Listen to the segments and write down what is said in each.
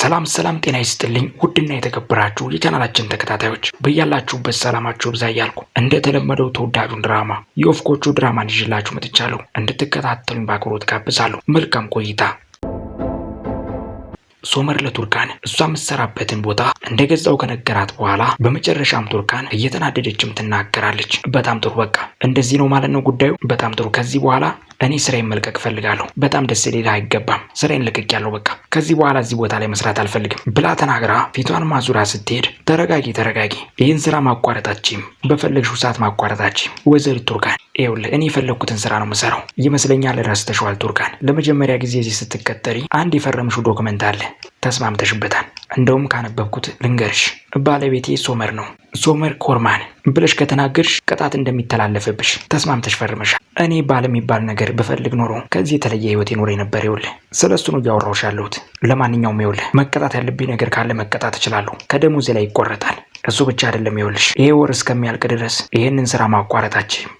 ሰላም ሰላም፣ ጤና ይስጥልኝ ውድና የተከበራችሁ የቻናላችን ተከታታዮች በያላችሁበት ሰላማችሁ ብዛ እያልኩ እንደተለመደው ተወዳጁን ድራማ የወፍ ጎጆ ድራማን ይዤላችሁ መጥቻለሁ። እንድትከታተሉኝ በአክብሮት ጋብዛለሁ። መልካም ቆይታ። ሶመር ለቱርካን እሷ የምትሰራበትን ቦታ እንደገዛው ከነገራት በኋላ በመጨረሻም ቱርካን እየተናደደችም ትናገራለች። በጣም ጥሩ በቃ እንደዚህ ነው ማለት ነው ጉዳዩ። በጣም ጥሩ። ከዚህ በኋላ እኔ ስራዬን መልቀቅ እፈልጋለሁ። በጣም ደስ ሌላ አይገባም። ስራዬን ልቅቅ ያለው በቃ ከዚህ በኋላ እዚህ ቦታ ላይ መስራት አልፈልግም ብላ ተናግራ ፊቷን ማዙራ ስትሄድ፣ ተረጋጊ ተረጋጊ፣ ይህን ስራ ማቋረጣችም በፈለግሽው ሰዓት ማቋረጣችም ወይዘሪት ቱርካን ይኸውልህ እኔ የፈለግኩትን ስራ ነው የምሰራው። ይመስለኛል ረስተሽዋል ቱርካን። ለመጀመሪያ ጊዜ እዚህ ስትቀጠሪ አንድ የፈረምሽው ዶክመንት አለ ተስማምተሽበታል። እንደውም ካነበብኩት ልንገርሽ፣ ባለቤቴ ሶመር ነው፣ ሶመር ኮርማን ብለሽ ከተናገርሽ ቅጣት እንደሚተላለፍብሽ ተስማምተሽ ፈርመሻል። እኔ ባል የሚባል ነገር ብፈልግ ኖሮ ከዚህ የተለየ ህይወት ይኖር የነበር። ይኸውልህ፣ ስለ እሱ ነው እያወራሁሽ ያለሁት። ለማንኛውም ይኸውልህ፣ መቀጣት ያለብኝ ነገር ካለ መቀጣት እችላለሁ። ከደሞዜ ላይ ይቆረጣል። እሱ ብቻ አይደለም፣ ይኸውልሽ፣ ይሄ ወር እስከሚያልቅ ድረስ ይህንን ስራ ማቋረጣችን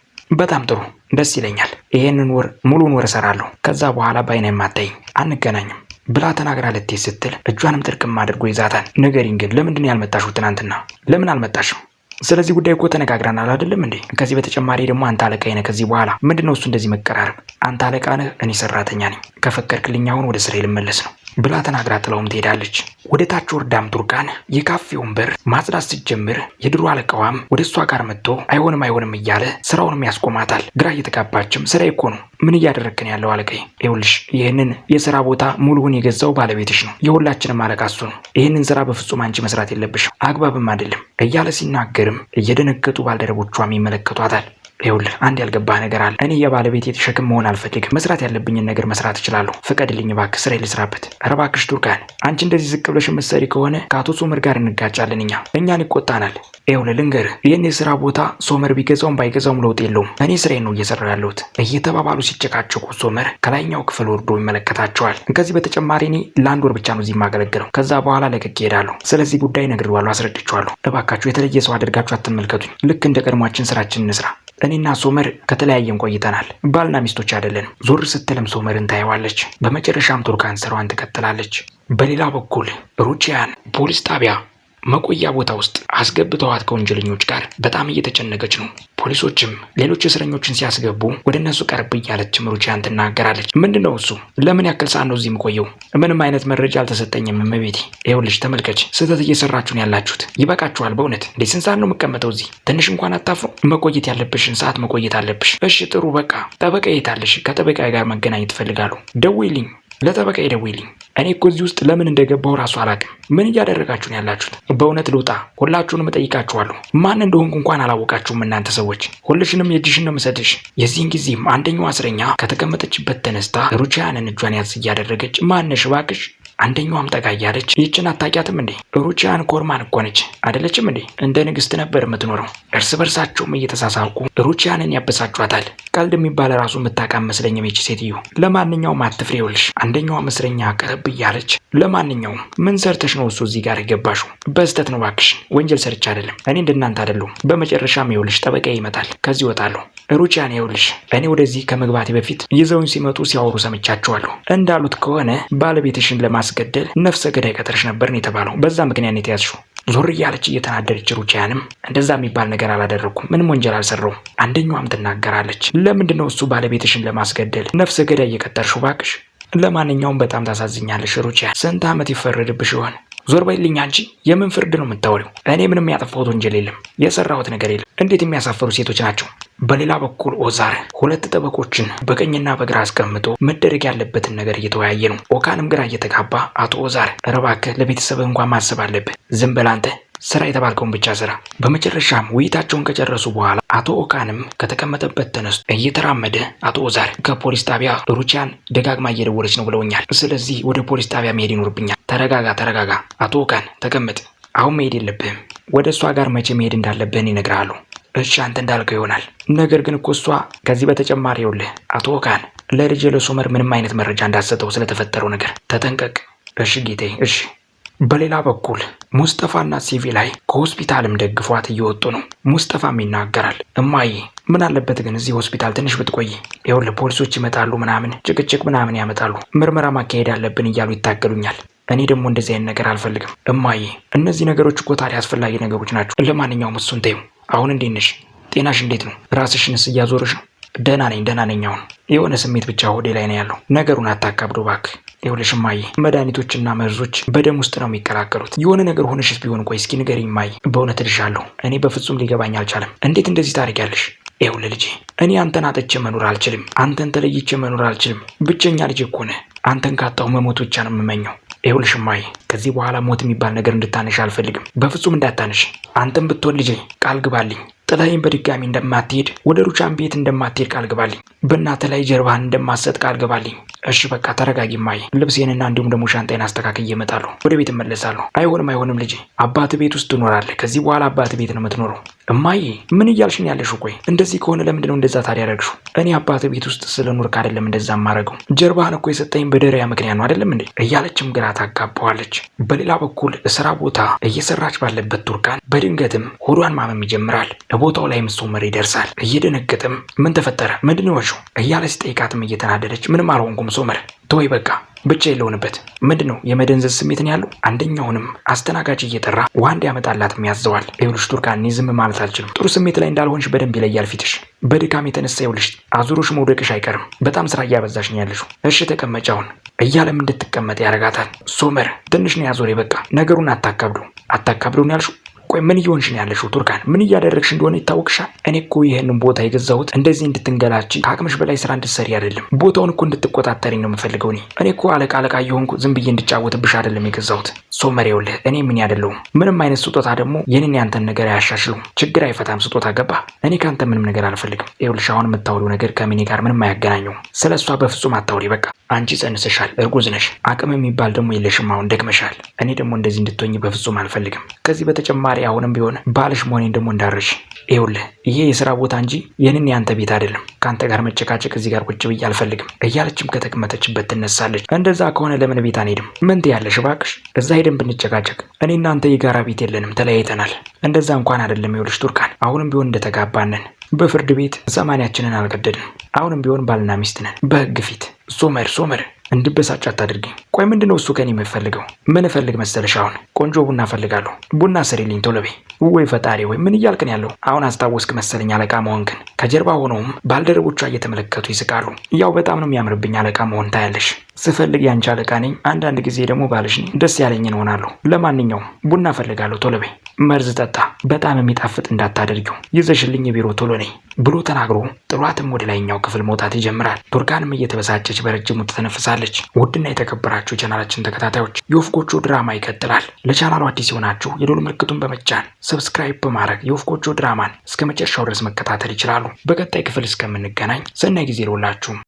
በጣም ጥሩ ደስ ይለኛል። ይሄንን ወር ሙሉን ወር እሰራለሁ። ከዛ በኋላ በአይን የማታይኝ አንገናኝም። ብላ ተናግራ ልትሄድ ስትል እጇንም ጥርቅም አድርጎ ይዛታል። ንገሪኝ ግን ለምንድን ያልመጣሽው? ትናንትና ለምን አልመጣሽም? ስለዚህ ጉዳይ እኮ ተነጋግረናል አይደለም እንዴ? ከዚህ በተጨማሪ ደግሞ አንተ አለቃዬ ነህ። ከዚህ በኋላ ምንድነው እሱ እንደዚህ መቀራረብ? አንተ አለቃ ነህ፣ እኔ ሰራተኛ ነኝ። ከፈቀድክልኝ አሁን ወደ ስራ ልመለስ ነው። ብላ ተናግራ ጥለውም ትሄዳለች። ወደ ታች ወርዳም ቱርካን የካፌውን በር ማጽዳት ስትጀምር የድሮ አለቃዋም ወደ እሷ ጋር መጥቶ አይሆንም አይሆንም እያለ ስራውንም ያስቆማታል። ግራ እየተጋባችም ስራ እኮ ነው ምን እያደረግክን ያለው አለቃዬ? ይኸውልሽ ይህንን የስራ ቦታ ሙሉውን የገዛው ባለቤትሽ ነው። የሁላችንም አለቃ እሱ ነው። ይህንን ስራ በፍጹም አንቺ መስራት የለብሽም፣ አግባብም አይደለም እያለ ሲናገርም እየደነገጡ ባልደረቦቿም ይመለከቷታል። ይኸውልህ አንድ ያልገባህ ነገር አለ። እኔ የባለቤት የተሸክም መሆን አልፈልግም። መስራት ያለብኝን ነገር መስራት እችላለሁ። ፍቀድልኝ እባክህ፣ ስራ ልስራበት። ኧረ እባክሽ ቱርካን፣ አንቺ እንደዚህ ዝቅ ብለሽ የምትሰሪ ከሆነ ከአቶ ሶመር ጋር እንጋጫለን። እኛ እኛን ይቆጣናል። ይኸውልህ ልንገርህ፣ ይህን የስራ ቦታ ሶመር ቢገዛውም ባይገዛውም ለውጥ የለውም። እኔ ስራዬን ነው እየሰራሁ ያለሁት። እየተባባሉ ሲጨቃጨቁ ሶመር ከላይኛው ክፍል ወርዶ ይመለከታቸዋል። ከዚህ በተጨማሪ እኔ ለአንድ ወር ብቻ ነው እዚህ የማገለግለው። ከዛ በኋላ ለቅቄ እሄዳለሁ። ስለዚህ ጉዳይ እነግርዋለሁ፣ አስረድቼዋለሁ። እባካችሁ የተለየ ሰው አድርጋችሁ አትመልከቱኝ። ልክ እንደ ቀድሟችን ስራችን እንስራ። እኔና ሶመር ከተለያየን ቆይተናል። ባልና ሚስቶች አይደለንም። ዞር ስትልም ሶመርን ታየዋለች። በመጨረሻም ቱርካን ስራዋን ትቀጥላለች። በሌላ በኩል ሩቺያን ፖሊስ ጣቢያ መቆያ ቦታ ውስጥ አስገብተዋት ከወንጀለኞች ጋር በጣም እየተጨነቀች ነው። ፖሊሶችም ሌሎች እስረኞችን ሲያስገቡ ወደ እነሱ ቀርብ እያለች ሩቺያን ትናገራለች። ምንድን ነው እሱ? ለምን ያክል ሰዓት ነው እዚህ የምቆየው? ምንም አይነት መረጃ አልተሰጠኝም እመቤቴ። ይኸውልሽ ተመልከች፣ ስህተት እየሰራችሁን ያላችሁት። ይበቃችኋል በእውነት እንዴ! ስንት ሰዓት ነው የምቀመጠው እዚህ? ትንሽ እንኳን አታፍሩ? መቆየት ያለብሽን ሰዓት መቆየት አለብሽ። እሺ ጥሩ በቃ ጠበቃ የታለሽ? ከጠበቃ ጋር መገናኘት እፈልጋለሁ። ደውይልኝ ለጠበቃ ይደውልኝ። እኔ እኮ እዚህ ውስጥ ለምን እንደገባው ራሱ አላውቅም። ምን እያደረጋችሁ ነው ያላችሁት? በእውነት ልውጣ? ሁላችሁንም እጠይቃችኋለሁ። ማን እንደሆንኩ እንኳን አላወቃችሁም እናንተ ሰዎች። ሁልሽንም የእጅሽን ነው የምሰጥሽ። የዚህን ጊዜም አንደኛው አስረኛ ከተቀመጠችበት ተነስታ ሩቺያንን እጇን ያዝ እያደረገች ማነሽ እባክሽ አንደኛዋም ጠጋ እያለች ይችን አታውቂያትም እንዴ? ሩቺያን ኮርማን እኮ ነች አደለችም እንዴ? እንደ ንግስት ነበር የምትኖረው። እርስ በርሳቸውም እየተሳሳቁ ሩቺያንን ያበሳጯታል። ቀልድ የሚባል ራሱ የምታውቃ መስለኝ ይች ሴትዮ። ለማንኛውም አትፍሪ፣ ይኸውልሽ አንደኛዋ እስረኛ ቀረብ እያለች ለማንኛውም ምን ሰርተሽ ነው እሱ እዚህ ጋር የገባሹ? በስተት ነው ባክሽ። ወንጀል ሰርች አይደለም። እኔ እንደናንተ አይደለሁም። በመጨረሻም ይኸውልሽ ጠበቃ ይመጣል፣ ከዚህ ይወጣሉ። ሩቺያን ይኸውልሽ፣ እኔ ወደዚህ ከመግባቴ በፊት ይዘውኝ ሲመጡ ሲያወሩ ሰምቻቸዋለሁ። እንዳሉት ከሆነ ባለቤትሽን ለማ ለማስገደል ነፍሰ ገዳይ ቀጥረሽ ነበርን የተባለው በዛ ምክንያት ነው ዞር እያለች እየተናደረች ሩቺያንም እንደዛ የሚባል ነገር አላደረኩም፣ ምንም ወንጀል አልሰራውም። አንደኛዋም ትናገራለች። ለምንድን ነው እሱ ባለቤትሽን ለማስገደል ነፍሰ ገዳይ እየቀጠርሽው? እባክሽ ለማንኛውም በጣም ታሳዝኛለሽ ሩቺያን። ስንት ዓመት ይፈረድብሽ ይሆን? ዞር በይልኝ አንቺ። የምን ፍርድ ነው የምታወሪው? እኔ ምንም ያጠፋሁት ወንጀል የለም፣ የሰራሁት ነገር የለም። እንዴት የሚያሳፈሩ ሴቶች ናቸው! በሌላ በኩል ኦዛር ሁለት ጠበቆችን በቀኝና በግራ አስቀምጦ መደረግ ያለበትን ነገር እየተወያየ ነው። ኦካንም ግራ እየተጋባ አቶ ኦዛር እባክህ ለቤተሰብ እንኳን ማሰብ አለብህ፣ ዝም በል አንተ ስራ የተባልከውን ብቻ ስራ። በመጨረሻም ውይይታቸውን ከጨረሱ በኋላ አቶ ኦካንም ከተቀመጠበት ተነስቶ እየተራመደ አቶ ኦዛር ከፖሊስ ጣቢያ ሩቺያን ደጋግማ እየደወለች ነው ብለውኛል። ስለዚህ ወደ ፖሊስ ጣቢያ መሄድ ይኖርብኛል። ተረጋጋ፣ ተረጋጋ። አቶ ኦካን ተቀመጥ። አሁን መሄድ የለብህም። ወደ እሷ ጋር መቼ መሄድ እንዳለብህን ይነግርሃሉ። እሺ አንተ እንዳልከው ይሆናል። ነገር ግን እኮ እሷ ከዚህ በተጨማሪ ይኸውልህ፣ አቶ ወካን ለልጄ ለሶመር ምንም አይነት መረጃ እንዳሰጠው ስለተፈጠረው ነገር ተጠንቀቅ። እሺ ጌቴ፣ እሺ። በሌላ በኩል ሙስጠፋና ሲቪ ላይ ከሆስፒታልም ደግፏት እየወጡ ነው። ሙስጠፋም ይናገራል፣ እማዬ ምን አለበት ግን እዚህ ሆስፒታል ትንሽ ብትቆይ፣ ይኸውልህ ፖሊሶች ይመጣሉ፣ ምናምን ጭቅጭቅ ምናምን ያመጣሉ፣ ምርመራ ማካሄድ አለብን እያሉ ይታገሉኛል። እኔ ደግሞ እንደዚህ አይነት ነገር አልፈልግም እማዬ። እነዚህ ነገሮች እኮ ታዲያ አስፈላጊ ነገሮች ናቸው። ለማንኛውም እሱን ተይው። አሁን እንዴት ነሽ? ጤናሽ እንዴት ነው? ራስሽንስ እያዞርሽ ነው? ደህና ነኝ ደህና ነኝ። አሁን የሆነ ስሜት ብቻ ሆዴ ላይ ነው ያለው። ነገሩን አታካብዶ እባክህ። ይኸውልሽ እማዬ፣ መድኃኒቶችና መርዞች በደም ውስጥ ነው የሚቀላቀሉት። የሆነ ነገር ሆነሽስ ቢሆን ቆይ እስኪ ንገሪኝ እማዬ። በእውነት እልሻለሁ እኔ በፍጹም ሊገባኝ አልቻለም። እንዴት እንደዚህ ታደርጊያለሽ? ይኸውልህ ልጄ፣ እኔ አንተን አጥቼ መኖር አልችልም። አንተን ተለይቼ መኖር አልችልም። ብቸኛ ልጄ እኮ ነህ። አንተን ካጣሁ መሞት ብቻ ነው የምመኘው። ይኸውልሽ እማዬ፣ ከዚህ በኋላ ሞት የሚባል ነገር እንድታነሽ አልፈልግም። በፍጹም እንዳታነሽ። አንተም ብትሆን ልጄ ቃል ግባልኝ ጥላይን በድጋሚ እንደማትሄድ ወደ ሩቻን ቤት እንደማትሄድ ቃል ግባልኝ። በእናተ ላይ ጀርባህን እንደማትሰጥ ቃል ግባልኝ። እሺ በቃ ተረጋጊ ማይ። ልብሴንና እንዲሁም ደግሞ ሻንጣይን አስተካክዬ እመጣለሁ። ወደ ቤት እመለሳለሁ። አይሆንም አይሆንም ልጄ፣ አባት ቤት ውስጥ ትኖራለህ። ከዚህ በኋላ አባት ቤት ነው የምትኖረው። እማዬ ምን እያልሽ ያለሽው? ቆይ እንደዚህ ከሆነ ለምንድን ነው እንደዛ ታዲያ ያደረግሽው? እኔ አባት ቤት ውስጥ ስለኖርክ አይደለም እንደዛ ማረገው። ጀርባህን እኮ የሰጠኝ በደሪያ ምክንያት ነው አይደለም እንዴ? እያለችም ግራ ታጋባዋለች። በሌላ በኩል ስራ ቦታ እየሰራች ባለበት ቱርካን በድንገትም ሆዷን ማመም ይጀምራል። ቦታው ላይ ምሶመር ይደርሳል። እየደነገጠም ምን ተፈጠረ ምንድን ነው እያለ ሲጠይቃትም እየተናደደች ምንም አልሆንኩም ሶመር ተወይ በቃ ብቻ የለውንበት ምንድን ነው የመደንዘዝ ስሜትን ያለው አንደኛውንም አስተናጋጅ እየጠራ ውሃ ያመጣላት ያዘዋል። ይኸውልሽ ቱርካን እኔ ዝም ማለት አልችልም። ጥሩ ስሜት ላይ እንዳልሆንሽ በደንብ ይለያል ፊትሽ። በድካም የተነሳ ይኸውልሽ አዙሮሽ መውደቅሽ አይቀርም። በጣም ስራ እያበዛሽ ነው ያለሽ። እሺ ተቀመጭ አሁን እያለም እንድትቀመጥ ያደርጋታል። ሶመር ትንሽ ነው ያዞሬ በቃ ነገሩን አታካብዱ አታካብዱን ያልሽው ቆይ ምን እየሆንሽ ነው ያለሽው? ቱርካን ምን እያደረግሽ እንደሆነ ይታወቅሻል። እኔ እኮ ይህንን ቦታ የገዛሁት እንደዚህ እንድትንገላች ከአቅምሽ በላይ ስራ እንድትሰሪ አይደለም። ቦታውን እኮ እንድትቆጣጠሪ ነው የምፈልገው። እኔ እኔ እኮ አለቃ አለቃ እየሆንኩ ዝም ብዬ እንድጫወትብሽ አይደለም የገዛሁት። ሶመር ይኸውልህ፣ እኔ ምን ያደለውም ምንም አይነት ስጦታ ደግሞ የኔን ያንተን ነገር አያሻሽሉም። ችግር አይፈታም ስጦታ ገባ። እኔ ከአንተ ምንም ነገር አልፈልግም። ይኸውልሽ አሁን የምታውሪው ነገር ከሚኔ ጋር ምንም አያገናኘውም። ስለ እሷ በፍጹም አታውሪ በቃ አንቺ ጸንሰሻል፣ እርጉዝ ነሽ፣ አቅም የሚባል ደግሞ የለሽም። አሁን ደክመሻል። እኔ ደግሞ እንደዚህ እንድትሆኝ በፍጹም አልፈልግም። ከዚህ በተጨማሪ አሁንም ቢሆን ባልሽ መሆኔን ደግሞ እንዳረሽ። ይኸውልህ ይሄ የስራ ቦታ እንጂ የኔን የአንተ ቤት አይደለም። ከአንተ ጋር መጨቃጨቅ፣ እዚህ ጋር ቁጭ ብዬ አልፈልግም እያለችም ከተቀመጠችበት ትነሳለች። እንደዛ ከሆነ ለምን ቤት አንሄድም? ምን ትያለሽ? እባክሽ እዛ ሄደን ብንጨቃጨቅ፣ እኔ እናንተ የጋራ ቤት የለንም፣ ተለያይተናል። እንደዛ እንኳን አይደለም። ይኸውልሽ ቱርካን፣ አሁንም ቢሆን እንደተጋባነን በፍርድ ቤት ሰማንያችንን አልቀደድንም። አሁንም ቢሆን ባልና ሚስት ነን በህግ ፊት ሶመር ሶመር እንድበሳጭ አታድርጊኝ። ቆይ ምንድን ነው እሱ ከኔ የምፈልገው? ምን እፈልግ መሰለሽ? አሁን ቆንጆ ቡና እፈልጋለሁ። ቡና ስሪልኝ ቶሎ በይ። ወይ ፈጣሪ፣ ወይ ምን እያልክን ያለው? አሁን አስታወስክ መሰለኝ አለቃ ግን። ከጀርባ ሆነውም ባልደረቦቿ እየተመለከቱ ይስቃሉ። ያው በጣም ነው የሚያምርብኝ አለቃ መሆን። ታያለሽ፣ ስፈልግ ያንቺ አለቃ ነኝ፣ አንዳንድ ጊዜ ደግሞ ባልሽ ነኝ። ደስ ያለኝን እሆናለሁ። ለማንኛውም ቡና እፈልጋለሁ፣ ቶሎ በይ። መርዝ ጠጣ፣ በጣም የሚጣፍጥ እንዳታደርጊው ይዘሽልኝ ቢሮ ቶሎ ነኝ ብሎ ተናግሮ ጥሏትም ወደ ላይኛው ክፍል መውጣት ይጀምራል። ቱርካንም እየተበሳጨች በረጅሙ ትተነፍሳለች። ውድና የተከበራችሁ ቻናላችን ተከታታዮች የወፍ ጎጆ ድራማ ይቀጥላል። ለቻናሉ አዲስ የሆናችሁ የዶል ምልክቱን በመጫን ሰብስክራይብ በማድረግ የወፍ ጎጆ ድራማን እስከ መጨረሻው ድረስ መከታተል ይችላሉ። በቀጣይ ክፍል እስከምንገናኝ ሰናይ ጊዜ ይሁንላችሁ።